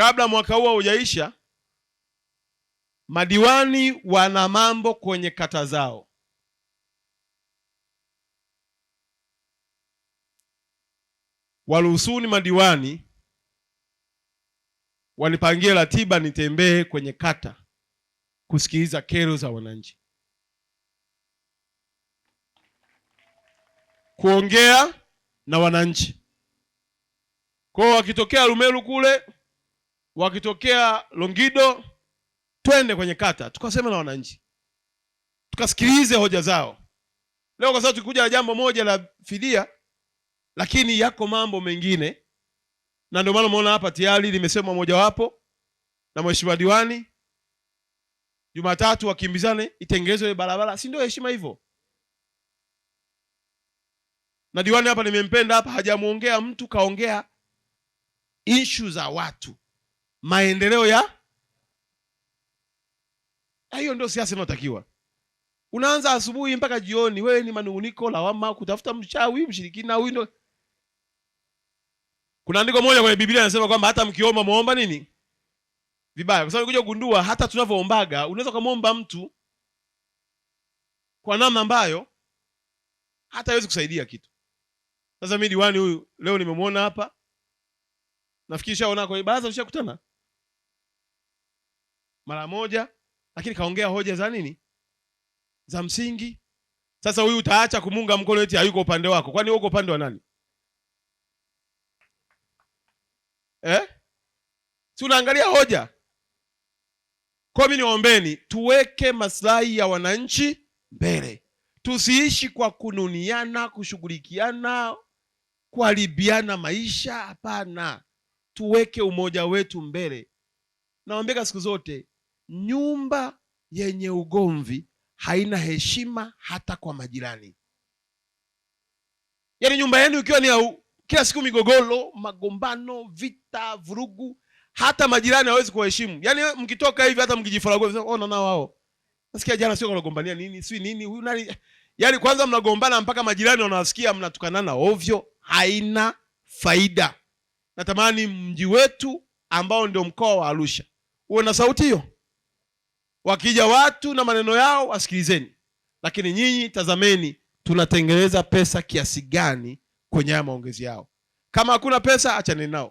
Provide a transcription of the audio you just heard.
kabla mwaka huu haujaisha, madiwani wana mambo kwenye kata zao. Waruhusuni madiwani wanipangie ratiba nitembee kwenye kata kusikiliza kero za wananchi, kuongea na wananchi kwao, wakitokea Rumelu kule wakitokea Longido twende kwenye kata tukasema na wananchi, tukasikilize hoja zao. Leo kwa sababu tukikuja na jambo moja la fidia, lakini yako mambo mengine, na ndio maana umeona hapa tayari limesemwa mojawapo na mheshimiwa diwani, Jumatatu wakimbizane itengenezwe ile barabara, si ndio heshima hivyo? Na diwani hapa nimempenda hapa, hajamuongea mtu, kaongea ishu za watu maendeleo ya hiyo. Ndio siasa inayotakiwa. Unaanza asubuhi mpaka jioni, wewe ni manunguniko, lawama, kutafuta mchawi, mshirikina huyu ndio. Kuna andiko moja kwenye Biblia inasema kwamba hata mkiomba muomba nini vibaya, kwa sababu kuja kugundua hata tunavyoombaga unaweza ukamwomba mtu kwa namna ambayo hata hawezi kusaidia kitu. Sasa mimi diwani huyu leo nimemwona hapa, nafikiri shaona kwenye baraza, tushakutana mara moja, lakini kaongea hoja za nini za msingi. Sasa huyu utaacha kumunga mkono eti hayuko upande wako? Kwani uko upande wa nani eh? Si unaangalia hoja. Kwa mimi niwaombeni, tuweke maslahi ya wananchi mbele, tusiishi kwa kununiana, kushughulikiana, kuharibiana maisha. Hapana, tuweke umoja wetu mbele. Nawaambia siku zote Nyumba yenye ugomvi haina heshima hata kwa majirani. Yaani nyumba yenu ikiwa ni au, kila siku migogoro, magombano, vita, vurugu, hata majirani hawezi kuwaheshimu. Yaani mkitoka hivi hata mkijifaragua, oh, wao nasikia jana sio wanagombania nini si nini huyu nani, yaani kwanza mnagombana mpaka majirani wanawasikia mnatukanana ovyo, haina faida. Natamani mji wetu ambao ndio mkoa wa Arusha uwe na sauti hiyo. Wakija watu na maneno yao wasikilizeni, lakini nyinyi tazameni tunatengeneza pesa kiasi gani kwenye haya maongezi yao. Kama hakuna pesa, achaneni nao.